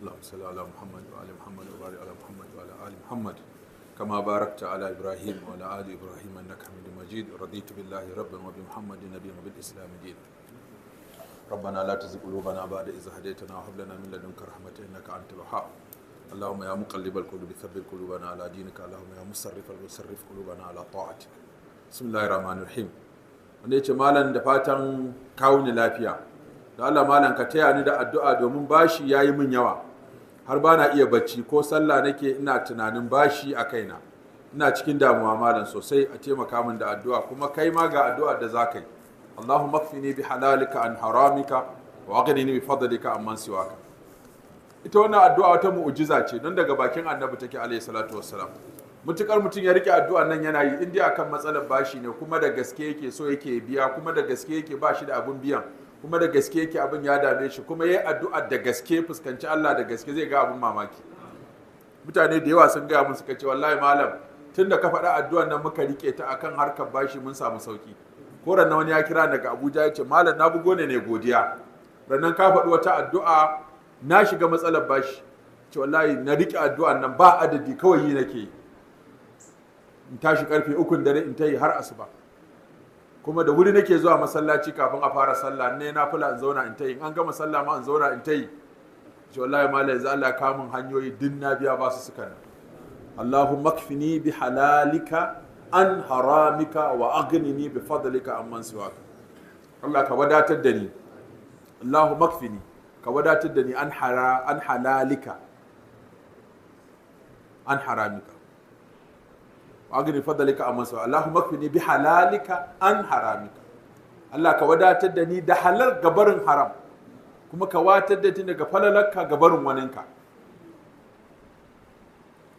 اللهم صل على محمد وعلى محمد وبارك على محمد وعلى ال محمد كما باركت على ابراهيم وعلى ال ابراهيم انك حميد مجيد رضيت بالله ربا وبمحمد نبيا وبالاسلام دينا ربنا لا تزغ قلوبنا بعد إذ هديتنا وهب لنا من لدنك رحمة إنك أنت الوهاب اللهم يا مقلب القلوب ثبت قلوبنا على دينك اللهم يا مصرف المصرف قلوبنا على طاعتك بسم الله الرحمن الرحيم wanda ya ce malam da fatan kawo ni lafiya da Allah malam ka taya ni da addu'a domin bashi yayi min yawa har ba na iya bacci ko sallah nake ina tunanin bashi a kaina ina cikin damuwa malam sosai a taimaka min da addu'a kuma kai ma ga addu'a da za ka yi Allahumma kfini bi halalika an haramika wa aghnini bi fadlika amman ita wannan addu'a wata mu'jiza ce don daga bakin annabi take alayhi salatu wassalam mutukar mutum ya rike addu'a nan yana yi indiya kan matsalar bashi ne kuma da gaske yake so yake biya kuma da gaske yake bashi da abun biyan kuma da gaske yake abin ya dame shi kuma yayi addu'a da gaske fuskanci Allah da gaske zai ga abin mamaki mutane da yawa sun gaya mun suka ce wallahi malam tunda ka faɗa addu'an nan muka rike ta akan harkar bashi mun samu sauki ko na wani ya kira daga Abuja ya ce malam na bugo ne ne godiya rannan ka faɗi wata addu'a na shiga matsalar bashi ce wallahi na rike addu'an nan ba adadi kawai yi nake in tashi karfe ukun dare in ta yi har asuba kuma da wuri nake zuwa masallaci kafin a fara sallah ne na fula in zauna in ta yi in an gama sallah ma in zauna in ta yi shi wallahi ma yanzu Allah kamun hanyoyi din na biya ba su suka nan Allahumma kfini bi halalika an haramika wa aghnini bi fadlika amman siwaka Allah ka wadatar da ni Allahumma kfini ka wadatar da ni an halalika an haramika agiri fadalika a masu Allahumma kini bi halalika an haramika Allah ka wadatar da ni da halar gabarin haram kuma ka watar da ni daga falalarka gabarin waninka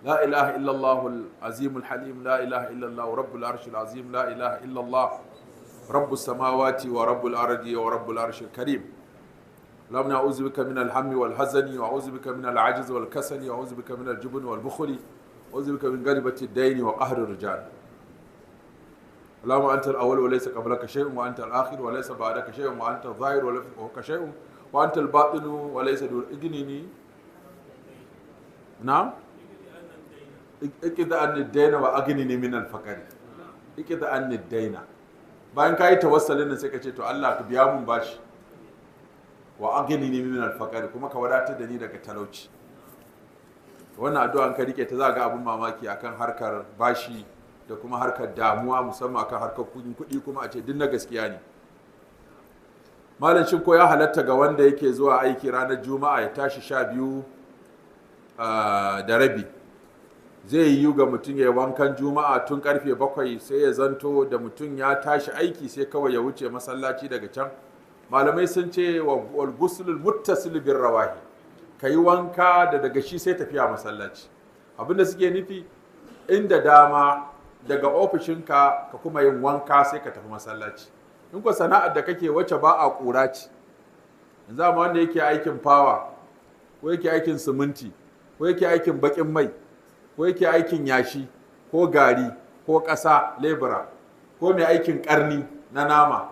la ilaha illallah azim halim la ilaha illallah rabbul arshil azim la ilaha illallah rabbus samawati wa rabbul ardi wa rabbul arshil karim اللهم أعوذ بك من الهم والحزن وأعوذ بك من العجز والكسل وأعوذ بك من الجبن والبخل uzbika min galibati daini wa qahri rijal اللهم انت الاول وليس قبلك شيء وانت الاخر وليس بعدك شيء وانت الظاهر وليس شيء وانت الباطن وليس دون اجنني نعم اكذا ان الدين واجنني من الفقر اكذا ان الدين bayan ka yi tawassalin nan sai ka ce to Allah ka biya mun bashi wa aghnini min al kuma ka wadatar da ni daga talauci wannan addu'a an ka rike ta za ga abin mamaki akan harkar bashi da kuma harkar damuwa musamman akan harkar kuɗi kuma a ce duk na gaskiya ne malam shin ko ya halatta ga wanda yake zuwa aiki ranar juma'a ya tashi sha biyu ah, da rabi zai yiwu ga mutum ya wankan juma'a tun karfe bakwai sai ya zanto da mutum ya tashi aiki sai kawai ya wuce masallaci daga can malamai sun ce wa gusulul muttasil bin rawahi ka yi wanka da daga shi sai tafiya masallaci abinda suke nufi inda dama daga ofishinka ka kuma yin wanka sai ka tafi masallaci in ko sana'ar da kake wacce ba a ƙura ce yanzu amma wanda yake aikin fawa ko yake aikin siminti ko yake aikin baƙin mai ko yake aikin yashi ko gari ko ƙasa lebura ko mai aikin ƙarni na nama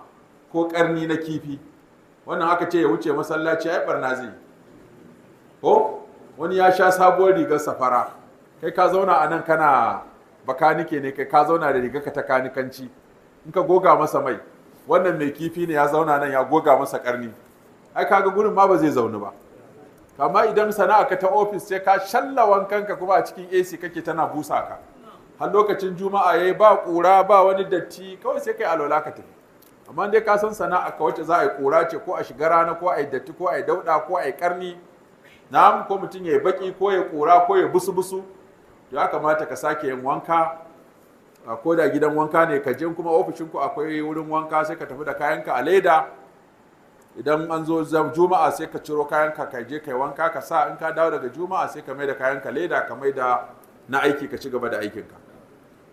ko ƙarni na kifi wannan aka ce ya wuce masallaci ya barna zai ko wani ya sha sabuwar rigar safara kai ka zauna a nan kana bakanike ne kai ka zauna da ka ta kanikanci in ka goga masa mai wannan mai kifi ne ya zauna nan ya goga masa karni ai kaga gurin ma ba zai zauna ba amma idan sana'a ka ta ofis sai ka shalla ka kuma a cikin AC kake tana busa ka har lokacin juma'a yayi ba kura ba wani datti kawai sai kai alola ka tafi amma dai ka san sana'a ka wacce za a yi kura ce ko a shiga rana ko a yi datti ko a yi dauda ko a yi karni na'am ko mutum ya yi baki ko ya kura ko ya busu busu ya kamata ka sake yin wanka a ko gidan wanka ne ka je kuma ofishin ku akwai wurin wanka sai ka tafi da kayanka a leda idan an zo juma'a sai ka ciro kayanka ka je kai wanka ka sa in ka dawo daga juma'a sai ka mai da kayanka leda ka mai da na aiki ka ci gaba da aikinka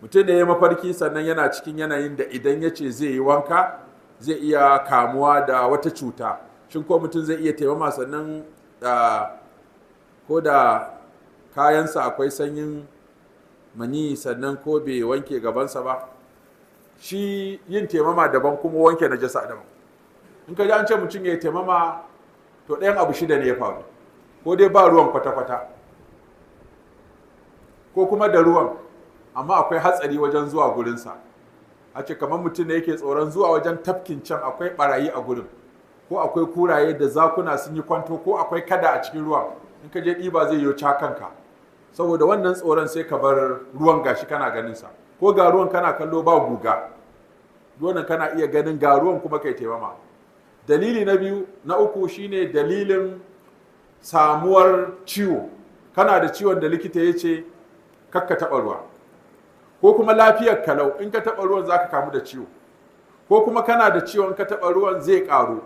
mutum da ya mafarki sannan yana cikin yanayin da idan ya ce zai yi wanka zai iya kamuwa da wata cuta shin ko mutum zai iya taimama sannan ah, ko da kayansa akwai sanyin mani sannan ko bai wanke gabansa ba shi yin taimama daban kuma wanke na najasa daban in ka ji an ce mutum ya yi taimama to ɗayan abu shida ne ya faru ko dai ba ruwan kwata-kwata ko kuma da ruwan amma akwai hatsari wajen zuwa gurinsa a ce kamar mutum ne yake tsoron zuwa wajen tafkin can akwai barayi a gurin ko akwai kuraye da zakuna sun yi kwanto ko akwai kada a cikin ruwan in ka je ɗiba zai yi kanka saboda wannan tsoron sai ka bar ruwan gashi kana ganin sa ko ga ruwan kana kallo ba guga Dole kana iya ganin ga ruwan kuma kai taimama dalili na biyu na uku shine dalilin samuwar ciwo kana da ciwon da likita ya ce kakka taɓa ruwa ko kuma lafiyar kalau in ka taɓa ruwan za ka kamu da ciwo ko kuma kana da ciwon ka taɓa ruwan zai ƙaru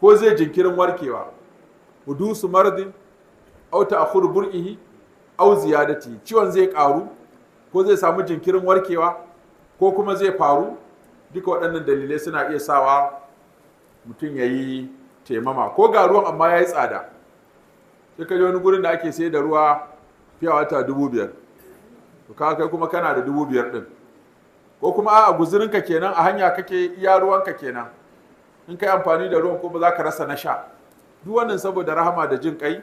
ko zai jinkirin warkewa hudusu mardin au ta'khuru bur'ihi au ziyadati ciwon zai karu ko zai samu jinkirin warkewa ko kuma zai faru duka waɗannan dalilai suna iya sawa mutum ya yi taimama ko ga ruwan amma ya yi tsada sai ka wani gurin da ake sai da ruwa fiye wata dubu biyar to ka kai kuma kana da dubu biyar ɗin ko kuma a ka kenan a hanya kake iya ruwanka kenan in ka yi amfani da ruwan kuma za ka rasa na sha duk wannan saboda rahama da jin kai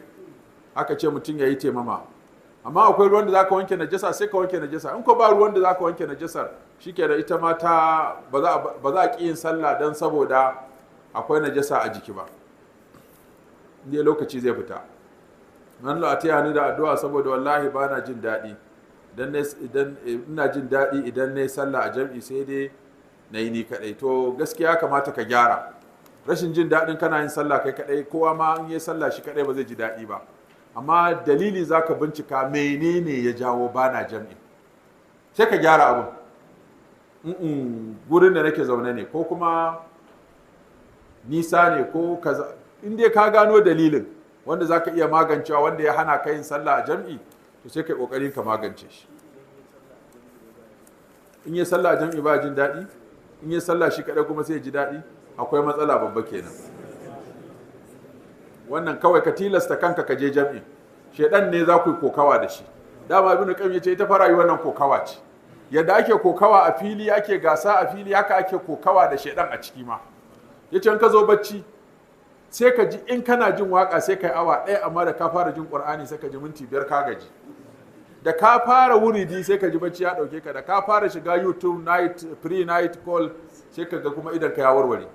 aka ce mutum ya yi taimama amma akwai ruwan da za ka wanke najasa sai ka wanke najasa in ko ba ruwan da za ka wanke najasar ke da ita ma ta ba za a ƙi yin sallah don saboda akwai najasa a jiki ba ne lokaci zai fita nan a ta ni da addu'a saboda wallahi ba na jin daɗi idan idan ina jin daɗi idan nayi sallah a jam'i sai dai na yi ni kaɗai to gaskiya kamata ka gyara rashin jin daɗin kana yin sallah kai kaɗai kowa ma in yi sallah shi kaɗai ba zai ji daɗi ba amma dalili za ka bincika menene ya jawo bana jam'i sai ka gyara abin gurin da nake zaune ne ko kuma nisa ne ko kaza in ka gano dalilin wanda za ka iya magancewa wanda ya hana ka yin sallah a jam'i to sai ka yi ƙoƙari ka magance shi in yi sallah a jam'i ba jin daɗi in yi sallah shi kaɗai kuma sai ji daɗi akwai matsala babba kenan wannan kawai ka tilasta kanka ka je jam'i shedan ne za ku yi kokawa da shi dama ibnu qayyim yace ita fara wannan kokawa ce yadda ake kokawa a fili ake gasa a fili haka ake kokawa da shedan a ciki ma yace in ka zo bacci sai ka ji in kana jin waka sai kai awa ɗaya amma da ka fara jin qur'ani sai ka ji minti biyar ka gaji da ka fara wuridi sai ka ji bacci ya dauke ka da ka fara shiga youtube night free night call sai ka ga kuma idan ka ya warware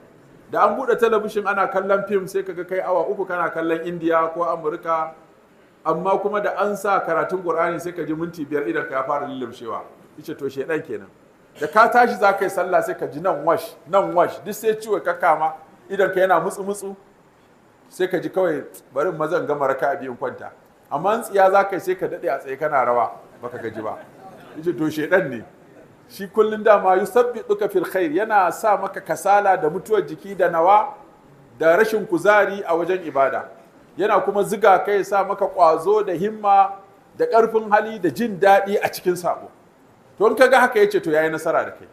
da an bude talabishin ana kallon fim sai kaga kai awa uku kana kallon indiya ko amurka amma kuma da an sa karatun qur'ani sai ka ji minti biyar idan ka fara lullumshewa ice to shedan kenan da ka tashi za ka yi sallah sai ka ji nan wash nan wash duk sai ciwo ka kama idan ka yana mutsu mutsu sai ka ji kawai bari mazan gama raka a biyun kwanta amma in tsiya za ka yi sai ka daɗe a tsaye kana rawa baka gaji ba ice to shedan ne shi kullum dama sabbi duka fil khair yana sa maka kasala da mutuwar jiki da nawa da rashin kuzari a wajen ibada yana kuma ziga kai sa maka kwazo da himma da karfin hali da jin daɗi a cikin sabo to in kaga haka yace to yayi nasara da kai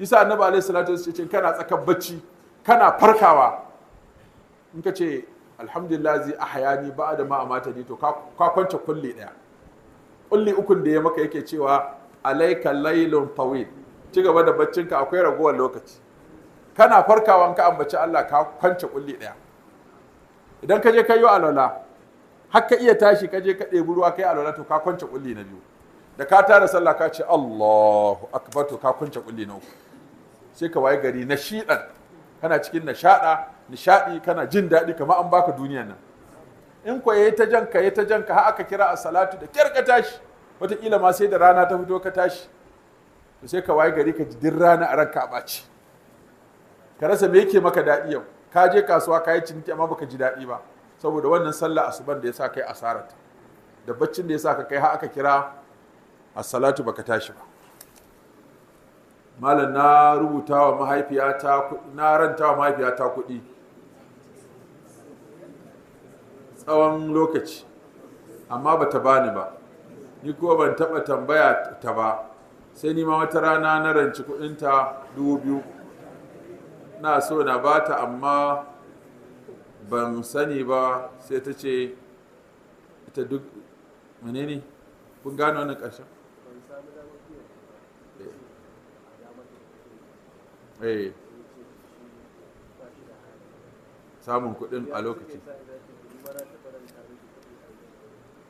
isa annabi alaihi salatu wasallam kana tsakar bacci kana farkawa in ka ce alhamdulillah zai ahyani ba ma amata to ka kwance kulli daya kulli ukun da ya maka yake cewa alaika laylun tawil ci gaba da ka akwai raguwar lokaci kana farkawa ka ambaci Allah ka kwance kulli daya idan ka je ka alwala har iya tashi ka je ka ɗebi ruwa kai alwala to ka kwance kulli na biyu da ka tara sallah ka ce Allahu akbar to ka kwance kulli na uku sai ka waye gari na shiɗan kana cikin nishada nishaɗi kana jin daɗi kamar an baka duniyan nan in ko yayi ta janka yayi ta janka har aka kira a salatu da kyar ka tashi wataƙila ma sai da rana ta fito ka tashi to sai ka waye gari ka ji din rana a ranka a ɓaci ka rasa me yake maka daɗi yau ka je kasuwa ka yi ciniki amma baka ji daɗi ba saboda wannan sallah asuban da ya sa kai asararta da baccin da ya sa ka kai har aka kira a salatu baka tashi ba malam na rubuta wa mahaifiyata na ranta wa mahaifiyata kuɗi tsawon lokaci amma ba ta bani ba ni kuwa ban taba tambaya ta ba sai ni ma wata rana na ranci kuɗinta dubu biyu na so na ba ta amma ban sani ba sai ta ce ita duk mene ne kun gano wani ƙarshen eh samun kuɗin a lokaci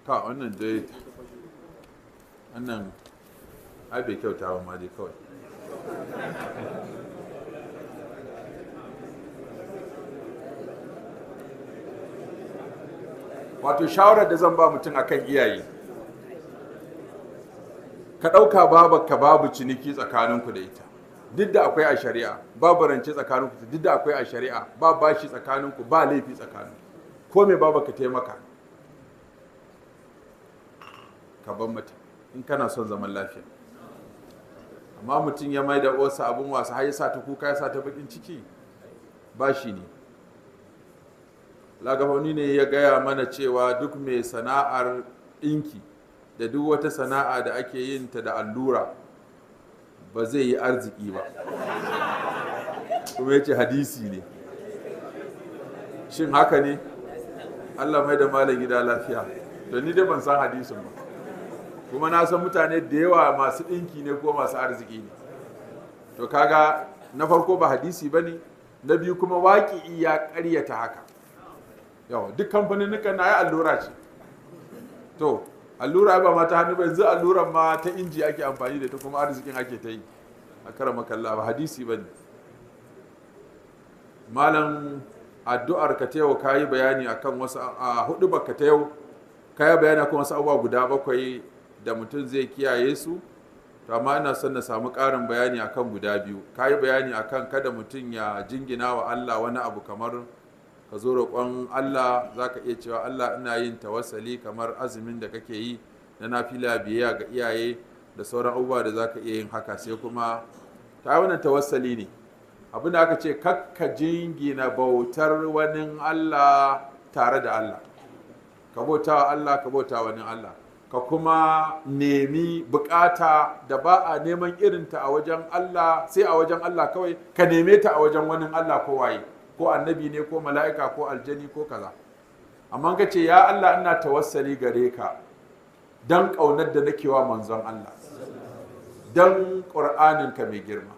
ta wannan dai wannan abin kyauta wa ma kawai wato shawarar da zan ba mutum akan iyaye ka ɗauka ka babu ciniki tsakaninku da ita duk da akwai a shari'a babu rance tsakaninku duk da akwai a shari'a ba bashi tsakaninku ba laifi tsakaninku ko me ka taimaka ka ban mata in kana son zaman lafiya amma mutum ya mai da wasu abin wasa har ya sa ta kuka ya sa ta bakin ciki ba shi ne lagafauni ne ya gaya mana cewa duk mai sana'ar ɗinki da duk wata sana'a da ake yin ta da allura ba zai yi arziki ba kuma ya ce hadisi ne shin haka ne allah mai da malam gida lafiya da ni dai ban san hadisin ba kuma na san mutane da yawa masu ɗinki ne ko masu arziki ne to kaga na farko ba hadisi ba ne na biyu kuma waƙi ya ƙaryata haka yawa duk kamfanin na ya allura ce to allura ba ma ta hannu ba yanzu alluran ma ta inji ake amfani da ta kuma arzikin ake ta yi a kara makalla ba hadisi ba ne malam addu'ar ka ta yau ka yi bayani akan wasu a hudu ba ka ta yau ka yi bayani kuma wasu abubuwa guda bakwai da mutum zai kiyaye su to amma ina son na samu ƙarin bayani akan guda biyu ka yi bayani akan kada mutum ya jingina wa Allah wani abu kamar ka zo roƙon Allah za ka iya cewa Allah ina yin tawassali kamar azumin da kake yi na nafila biyayya ga iyaye da sauran abubuwa da za ka iya yin haka sai kuma ta wannan tawassali ne abin da aka ce kakka jingina bautar wani Allah tare da Allah ka bauta wa Allah ka bauta wani Allah ka kuma nemi bukata da ba a neman irinta a wajen Allah sai a wajen Allah kawai ka neme ta a wajen wani Allah ko waye ko annabi ne ko mala'ika ko aljani ko kaza amma ka ce ya Allah ina tawassali gare ka don ƙaunar da nake wa manzon Allah Don ƙur'aninka mai girma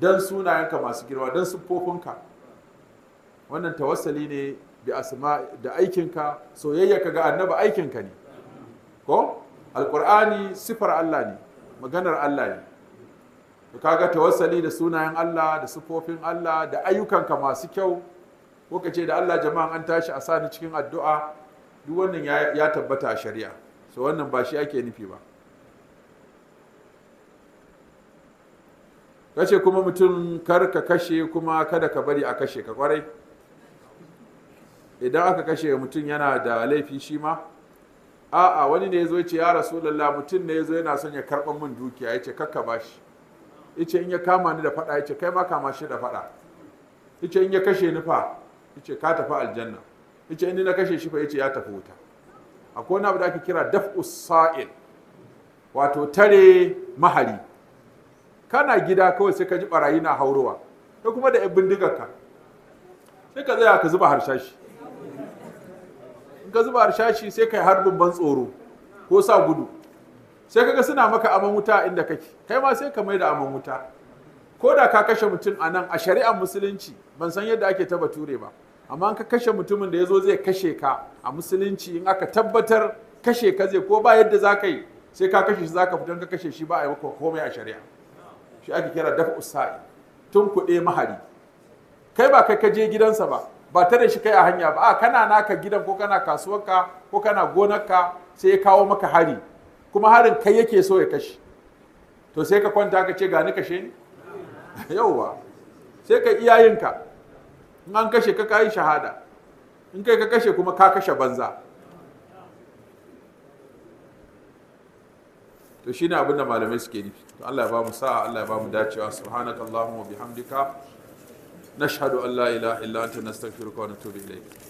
Don sunayenka masu girma dan siffofinka wannan tawassali ne da da aikinka soyayya ka ga annabi aikinka ne ko alkur'ani sifar Allah ne maganar Allah ne ka kaga tawassali da sunayen Allah da sifofin Allah da ayyukanka masu kyau ko ka da Allah jama'an an tashi a sani cikin addu'a duk wannan ya tabbata a shari'a so wannan ba shi ake nufi ba kace kuma mutum kar ka kashe kuma kada ka bari a kashe ka kwarai idan aka kashe mutum yana da laifi shi ma a'a wani ne ya zo ce ya rasulullah mutum ne ya zo yana son ya karɓar min dukiya ya ce kakka ba shi in ya kama ni da faɗa ya ce kai ma kama shi da faɗa ya in ya kashe ni fa ya ce ka tafi aljanna ya in na kashe shi fa ya ce ya tafi wuta akwai wani abu da ake kira daf'us sa'il wato tare mahari kana gida kawai sai ka ji barayi na haurowa da kuma da yan bindigarka sai ka tsaya ka zuba harshashi ka zuba harshashi sai kai har ban tsoro ko sa gudu sai kaga suna maka aman wuta inda kake kai ma sai ka mai da aman wuta ko da ka kashe mutum a nan a shari'ar musulunci ban san yadda ake taba ture ba amma ka kashe mutumin da ya zo zai kashe ka a musulunci in aka tabbatar kashe ka zai ko ba yadda za ka yi sai ka kashe shi za ka fitan ka kashe shi ba a yi maka komai a shari'a shi ake kira dafa usa'i tun kuɗe mahari kai ba kai ka je gidansa ba ba tare shi kai a hanya ba a kana naka gidan ko kana kasuwarka ko kana gonarka sai ya kawo maka hari kuma harin kai yake so ya kashe to sai ka kwanta ka ce gani kashe ni yauwa sai ka iyayenka in an kashe ka kayi shahada in kai ka kashe kuma ka kashe banza to shine abin da malamai suke nufi to Allah ya ba mu sa'a Allah ya ba mu dacewa subhanakallahumma bihamdika نشهد أن لا إله إلا أنت نستغفرك ونتوب إليك